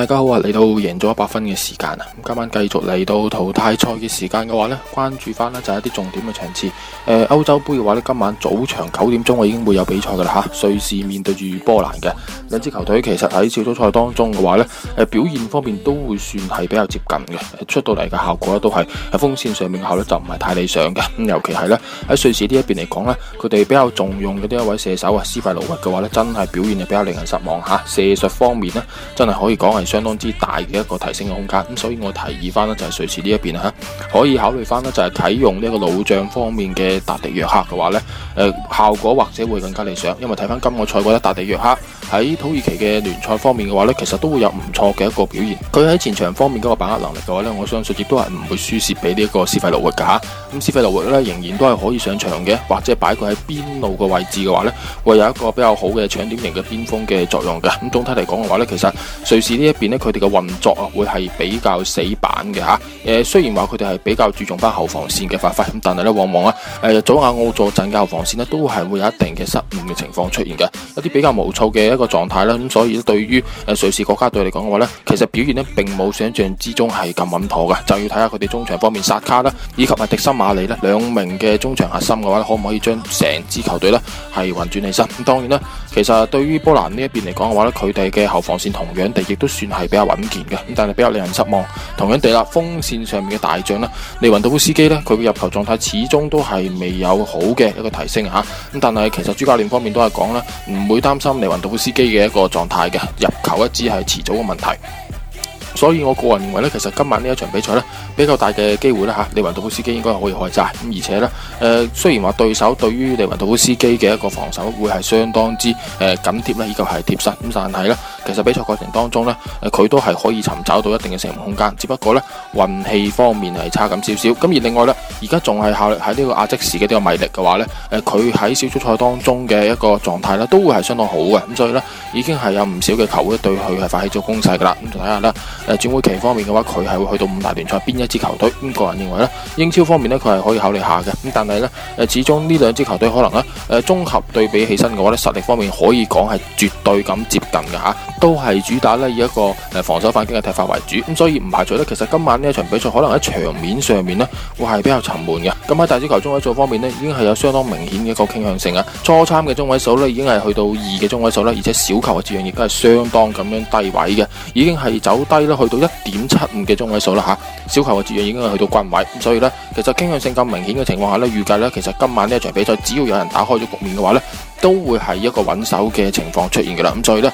大家好啊！嚟到贏咗一百分嘅時間啊，咁今晚繼續嚟到淘汰賽嘅時間嘅話呢，關注翻呢就係一啲重點嘅場次。誒、呃，歐洲杯嘅話呢，今晚早場九點鐘我已經會有比賽噶啦吓，瑞士面對住波蘭嘅兩支球隊，其實喺小組賽當中嘅話呢，誒，表現方面都會算係比較接近嘅，出到嚟嘅效果呢都係喺鋒線上面嘅效率就唔係太理想嘅。尤其係呢，喺瑞士呢一邊嚟講呢，佢哋比較重用嘅呢一位射手啊，斯派魯域嘅話呢，真係表現又比較令人失望吓，射術方面呢，真係可以講係。相當之大嘅一個提升嘅空間，咁所以我提議翻就係瑞士呢一邊，可以考慮翻就係啟用呢個老將方面嘅達地約克嘅話呢，誒，效果或者會更加理想，因為睇翻今個賽季得達地約克喺土耳其嘅聯賽方面嘅話呢，其實都會有唔錯嘅一個表現。佢喺前場方面嗰個把握能力嘅話呢，我相信亦都係唔會輸蝕俾呢一個斯費魯活嚇。咁斯費魯活呢仍然都係可以上場嘅，或者擺佢喺邊路嘅位置嘅話呢，會有一個比較好嘅搶點型嘅邊鋒嘅作用嘅。咁總體嚟講嘅話呢，其實瑞士呢一邊呢，佢哋嘅運作啊會係比較死板嘅嚇。誒雖然話佢哋係比較注重翻後防線嘅發揮，咁但係呢，往往啊誒組亞奧坐陣嘅後防線呢，都係會有一定嘅失誤嘅情況出現嘅，一啲比較無措嘅個狀態啦，咁所以咧，對於瑞士國家隊嚟講嘅話呢，其實表現呢並冇想象之中係咁穩妥嘅，就要睇下佢哋中場方面薩卡啦，以及阿迪森馬里咧兩名嘅中場核心嘅話，可唔可以將成支球隊呢係運轉起身？咁當然啦，其實對於波蘭呢一邊嚟講嘅話呢，佢哋嘅後防線同樣地亦都算係比較穩健嘅，咁但係比較令人失望，同樣地啦，鋒線上面嘅大將呢，利云道夫斯基呢，佢嘅入球狀態始終都係未有好嘅一個提升吓，咁但係其實主教練方面都係講啦，唔會擔心利雲道夫斯。機嘅一個狀態嘅入球一支係遲早嘅問題，所以我個人認為呢，其實今晚呢一場比賽呢，比較大嘅機會呢，吓，利雲道夫斯基應該係可以開齋咁，而且呢，誒、呃、雖然話對手對於利雲道夫斯基嘅一個防守會係相當之誒緊貼咧，以及係貼身咁，但係呢。其實比賽過程當中呢，誒，佢都係可以尋找到一定嘅剩餘空間，只不過呢運氣方面係差咁少少。咁而另外呢，而家仲係考慮喺呢個亞即時嘅呢個魅力嘅話呢，誒，佢喺小組賽當中嘅一個狀態呢都會係相當好嘅。咁所以呢，已經係有唔少嘅球會對佢係發起咗攻勢噶啦。咁就睇下啦，轉會期方面嘅話，佢係會去到五大聯賽邊一支球隊？咁個人認為呢，英超方面呢，佢係可以考慮下嘅。咁但係呢，誒，始終呢兩支球隊可能呢，誒，綜合對比起身嘅話呢，實力方面可以講係絕對咁接近嘅吓。都係主打咧，以一個誒防守反擊嘅踢法為主，咁所以唔排除咧。其實今晚呢一場比賽可能喺場面上面咧會係比較沉悶嘅。咁喺大小球中位數方面呢已經係有相當明顯嘅一個傾向性啊。初參嘅中位數呢已經係去到二嘅中位數啦，而且小球嘅折讓亦都係相當咁樣低位嘅，已經係走低啦，去到一點七五嘅中位數啦吓。小球嘅折讓已經係去到均位，咁所以呢，其實傾向性咁明顯嘅情況下咧，預計呢其實今晚呢一場比賽只要有人打開咗局面嘅話呢都會係一個穩守嘅情況出現㗎啦。咁所以呢。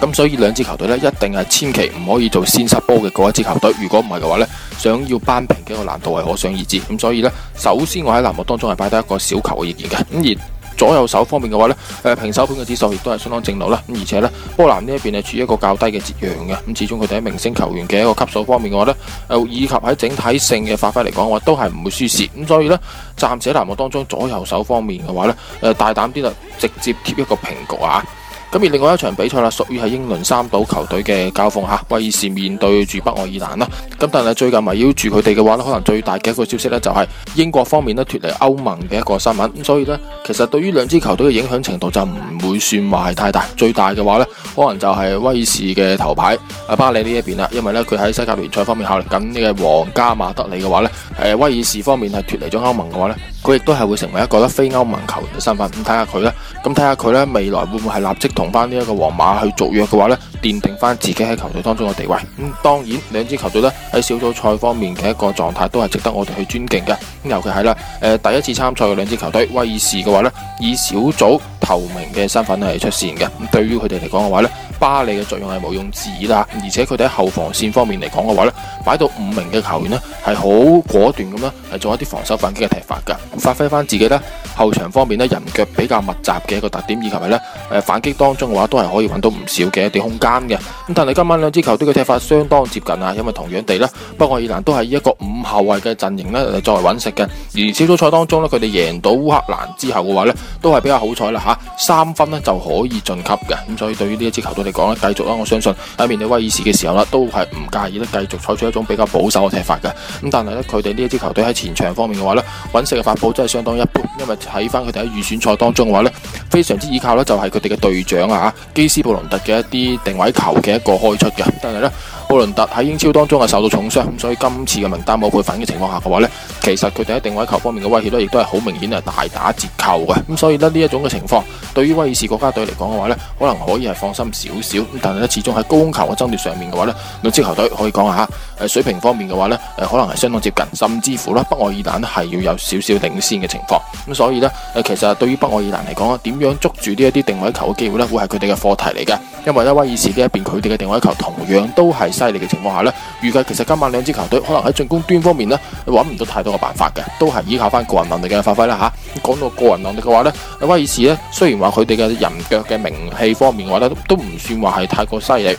咁所以兩支球隊咧，一定係千祈唔可以做先失波嘅嗰一支球隊。如果唔係嘅話咧，想要扳平嘅個難度係可想而知。咁所以咧，首先我喺欄目當中係擺低一個小球嘅意見嘅。咁而左右手方面嘅話咧，誒平手盤嘅指數亦都係相當正路啦。咁而且咧，波蘭呢一邊係處於一個較低嘅折讓嘅。咁始終佢哋喺明星球員嘅一個級數方面嘅話咧，誒以及喺整體性嘅發揮嚟講嘅話，都係唔會輸蝕。咁所以咧，暫時喺欄目當中左右手方面嘅話咧，誒大膽啲啦，直接貼一個平局啊！咁而另外一場比賽啦，屬於係英倫三島球隊嘅交鋒吓，維爾士面對住北愛爾蘭啦。咁但係最近圍繞住佢哋嘅話呢可能最大嘅一個消息呢，就係英國方面呢脱離歐盟嘅一個新聞。咁所以呢，其實對於兩支球隊嘅影響程度就唔會算話係太大。最大嘅話呢。可能就係威爾士嘅頭牌阿巴利呢一邊啦，因為咧佢喺西甲聯賽方面效力緊呢個皇家馬德里嘅話咧，誒威爾士方面係脱離咗歐盟嘅話咧，佢亦都係會成為一個咧非歐盟球員嘅身份。咁睇下佢咧，咁睇下佢咧未來會唔會係立即同翻呢一個皇馬去續約嘅話咧，奠定翻自己喺球隊當中嘅地位。咁當然兩支球隊咧喺小組賽方面嘅一個狀態都係值得我哋去尊敬嘅。咁尤其係啦，誒第一次參賽嘅兩支球隊威爾士嘅話咧，以小組頭名嘅身份係出線嘅。咁對於佢哋嚟講嘅話咧，巴利嘅作用係無用置疑啦，而且佢哋喺後防線方面嚟講嘅話咧，擺到五名嘅球員呢係好果斷咁啦，係做一啲防守反擊嘅踢法嘅，發揮翻自己咧，後場方面咧人腳比較密集嘅一個特點，以及係咧誒反擊當中嘅話都係可以揾到唔少嘅一啲空間嘅。咁但係今晚兩支球隊嘅踢法相當接近啊，因為同樣地咧，北愛爾蘭都係一個五後衞嘅陣型咧作為揾食嘅，而小組賽當中咧佢哋贏到烏克蘭之後嘅話咧都係比較好彩啦嚇，三分呢就可以晉級嘅，咁所以對於呢一支球隊。講咧，繼續啦！我相信喺面對威爾士嘅時候啦，都係唔介意咧，繼續採取一種比較保守嘅踢法嘅。咁但係咧，佢哋呢一支球隊喺前場方面嘅話咧，揾食嘅法寶真係相當一般，因為睇翻佢哋喺預選賽當中嘅話咧，非常之依靠咧就係佢哋嘅隊長啊，基斯布倫特嘅一啲定位球嘅一個開出嘅。但係咧，布倫特喺英超當中係受到重傷，咁所以今次嘅名單冇佢份嘅情況下嘅話咧。其實佢哋喺定位球方面嘅威脅咧，亦都係好明顯係大打折扣嘅。咁所以呢，呢一種嘅情況，對於威爾士國家隊嚟講嘅話呢，可能可以係放心少少。但係呢，始終喺高空球嘅爭奪上面嘅話呢，兩支球隊可以講下吓，水平方面嘅話呢可能係相當接近，甚至乎咧，北愛爾蘭係要有少少領先嘅情況。咁所以呢，其實對於北愛爾蘭嚟講啊，點樣捉住呢一啲定位球嘅機會呢？會係佢哋嘅課題嚟嘅。因為呢，威爾士嘅一邊，佢哋嘅定位球同樣都係犀利嘅情況下呢，預計其實今晚兩支球隊可能喺進攻端方面呢，搵唔到太多辦法嘅，都係依靠翻個人能力嘅發揮啦吓。講、啊、到個人能力嘅話呢，威爾士咧，雖然話佢哋嘅人腳嘅名氣方面嘅話咧，都都唔算話係太過犀利。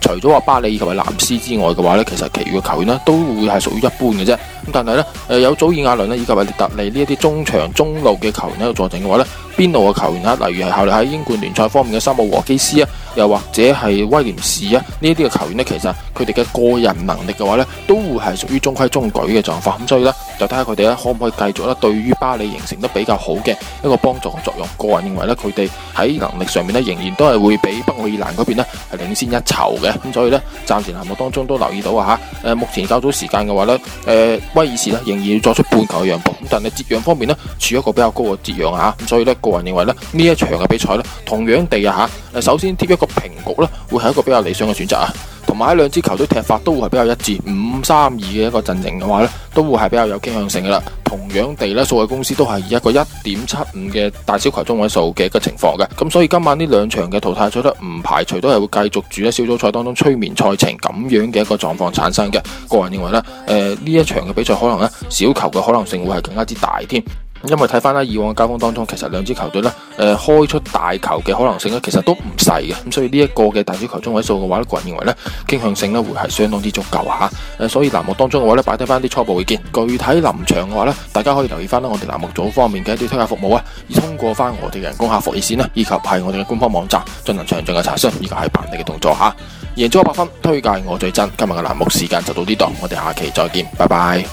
除咗話巴利以及阿藍斯之外嘅話呢，其實其餘嘅球員呢，都會係屬於一般嘅啫。咁但係呢，誒有祖爾亞倫咧，以及阿列特利呢一啲中場中路嘅球員喺度坐鎮嘅話呢。邊路嘅球員啊，例如係後來喺英冠聯賽方面嘅三姆和基斯啊，又或者係威廉士啊，呢一啲嘅球員呢，其實佢哋嘅個人能力嘅話呢，都會係屬於中規中矩嘅狀況。咁所以呢，就睇下佢哋咧可唔可以繼續咧，對於巴里形成得比較好嘅一個幫助同作用。個人認為呢，佢哋喺能力上面呢，仍然都係會比北愛爾蘭嗰邊呢係領先一籌嘅。咁所以呢，暫時行目當中都留意到啊吓，誒，目前較早時間嘅話呢，誒，威爾士呢仍然要作出半球嘅讓步，但係折讓方面呢，處於一個比較高嘅折讓吓，咁所以咧。個人認為咧，呢一場嘅比賽咧，同樣地啊吓，誒，首先貼一個平局咧，會係一個比較理想嘅選擇啊。同埋喺兩支球隊踢法都會係比較一致，五三二嘅一個陣型嘅話咧，都會係比較有傾向性噶啦。同樣地咧，數位公司都係以一個一點七五嘅大小球中位數嘅一個情況嘅。咁所以今晚呢兩場嘅淘汰賽咧，唔排除都係會繼續住喺小組賽當中催眠賽程咁樣嘅一個狀況產生嘅。個人認為咧，誒、呃，呢一場嘅比賽可能咧，小球嘅可能性會係更加之大添。因為睇翻啦以往嘅交鋒當中，其實兩支球隊咧，誒、呃、開出大球嘅可能性咧，其實都唔細嘅。咁所以呢一個嘅大小球中位數嘅話咧，個人認為咧，傾向性咧會係相當之足夠吓、啊。所以欄目當中嘅話咧，擺低翻啲初步意見。具體臨場嘅話咧，大家可以留意翻我哋欄目組方面嘅一啲推介服務啊，以通過翻我哋人工客服熱線呢以及係我哋嘅官方網站進行詳盡嘅查詢，依個係辦理嘅動作吓。贏足100分，推介我最真。今日嘅欄目時間就到呢度，我哋下期再見，拜拜。